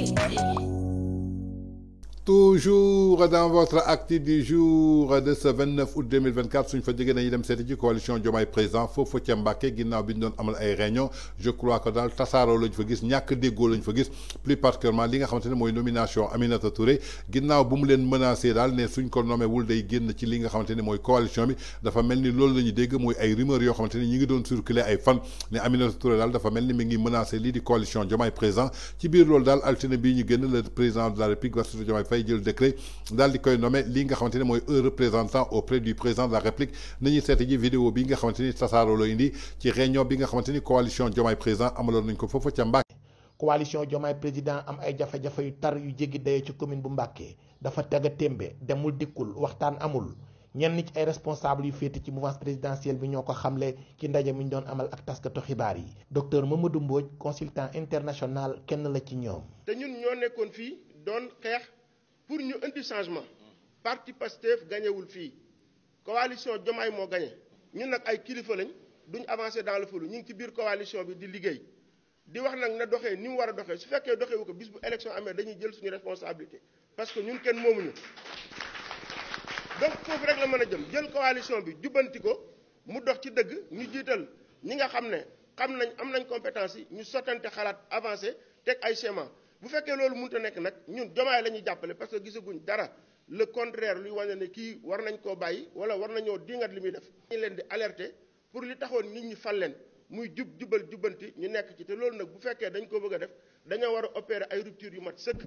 Yeah. toujours dans votre acte du jour de ce 29 août 2024 suñ fa jógee nañu dem ci coalition Diomaye présent, fofu ca Mbàkke ginnaaw bi doon amal ay réunion je crois que daal tassaro lañ fa gis ñak déggoo lañ fa gis plus particulièrement li nga xamante moy nomination Aminata Touré ginnaw bu mu leen menacé dal ne suñ ko nommé wul day génn ci li nga xamante moy coalition bi dafa melni loolu la dégg moy ay rumeur yo xamante ñi ngi doon circuler ay fan ne Aminata Touré dal dafa melni mi ngi menacé li di coalition Diomaye président ci biir loolu dal altine bi ñu génn le président de la République Bassirou Diomaye dafay le décret dans di koy nommé li nga xamante représentant auprès du président de la république nañu seeti ji vidéo bi nga xamanteni tassaro lo indi ci réunion bi nga xamanteni coalition jomay président amaloon nañ ko fofu ci Mbàkke coalition jomay président am ay jafé jafé yu tar yu jéggi dayoo ci commune bu Mbàkke dafa tega témbe demul dikul waxtan amul ñenn ci ay responsable yu fété ci mouvance présidentielle bi ñoko xamlé xamle ci ndaje mi ñu doon amal ak to xibaar yi docteur Mamadou Mbodj consultant international kenn la ci ñom te ñun ñoo nekkoon fi doon pour un indi changement parti Pastef gañewul La coalition de mai gañe ñun nous ay avancer dans le fou. Nous avons ci coalition bi di Nous di wax na nous ni mu war avons su nous avons élection responsabilité parce que ñun de donc rek la faire coalition bi jubbanti ko mu dox ci dëgg ñu Nous xam nañ am bu fekkee loolu mënut a nekk nag ñun jomaay la ñuy jàppale parce que gisaguñ dara le contraire luy wane ne kii war nañ koo bàyyi wala war nañoo dingat li muy def. ñu leen di alerter pour li taxoon nit ñi fal leen muy jub jubal jubbanti ñu nekk ci te loolu nag bu fekkee dañ koo bëgg def dañoo war a opérer ay rupture yu mat sëkk.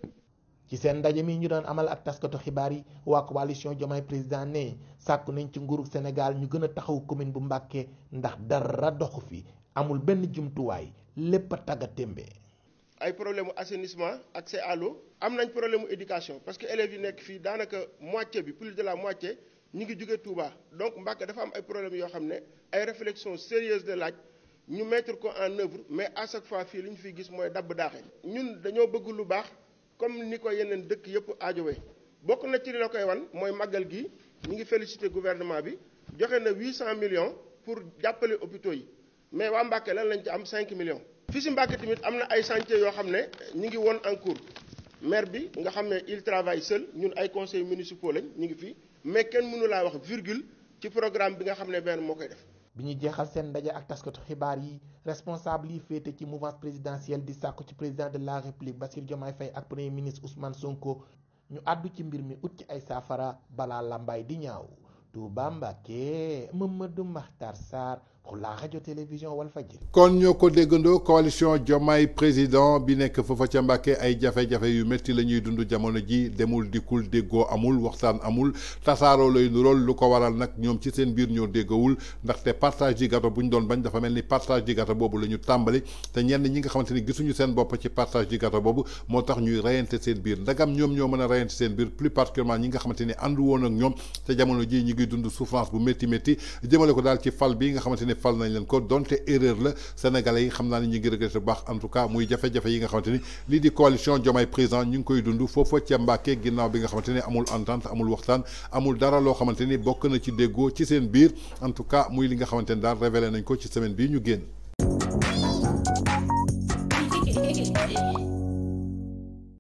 ci seen ndaje mi ñu doon amal ak taskatu xibaar yi waa coalition Diomaye président ne sàkku nañ ci nguuru Sénégal ñu gën a taxaw commune bu Mbàkke ndax dara doxu fi amul benn jumtuwaay lépp a tagga témbe ay problème assainissement accès à l'eau am nañ problème éducation parce que élèves yi nekk fii daanaka moitié bi plus de la moitié ñu ngi jóge Touba donc il dafa am ay problèmes yoo xam ne ay réflexion sérieuse de laaj ñu mettre ko en œuvre mais à chaque fois fii li ñu fiy gis mooy dabb daaxe ñun dañoo bëgg lu baax comme ni ko yeneen dëkk yëpp aajowee bokk na ci li la koy wan mooy màggal gi ñu ngi gouvernement bi joxe na 800 millions pour jàppale hôpitaux mais waa Mbacké lan lañ ci am 5 millions fii si Mbàkke tamit am na ay chantier yoo xam ne ñu ngi woon en cours maire bi nga xam ne il travaille seul ñun ay conseils municipaux lañ ñu ngi fii mais kenn mënu laa wax virgule ci programme bi nga xam ne benn moo koy def. bi ñu jeexal seen ndaje ak taskatu xibaar yi responsable yi féete ci mouvance présidentielle di sàkku ci président de la république Bassirou Diomaye Faye ak premier ministre Ousmane Sonko ñu àddu ci mbir mi ut ci ay saafara balaa làmbaay di ñaaw Touba Mbacké Mamadou Makhtar Sarr pour la radio télévision Walfadjri kon ñoko ko coalition jomay président bi nek fofa ci Mbàkke ay jafe-jafe yu metti lañuy dundu jamono ji demul dikul déggoo amul waxtaan amul tassaro lay nurool lu ko waral nak ñom ci seen biir ñoo ndax té partage du gâteau buñ doon bañ dafa melni ni partage du gâteau bobu lañu tambali té ñenn ñi nga xamanteni gisunu seen bopp ci partage du gâteau bobu moo tax ñuy rayenté seen biir ndagam ñom ñoo mëna rayenté seen biir plus particulièrement ñi nga xamanteni andu won ak ñom té jamono ji ñi ngi dundu souffrance bu metti metti jëmele ko daal ci fal bi nga xamanteni ne fal nañ leen ko donte erreur la sénégalais yi xam naa ne ñu ngi regretté bu baax en tout cas muy jafe-jafe yi nga xamante ni lii di coalition Diomaye président ñu ngi koy dund foofa ca Mbàkke ginnaaw bi nga xamante ni amul entente amul waxtaan amul dara loo xamante ni bokk na ci déggoo ci seen biir en tout cas muy li nga xamante ni daal révélé nañ ko ci semaine bi ñu génn.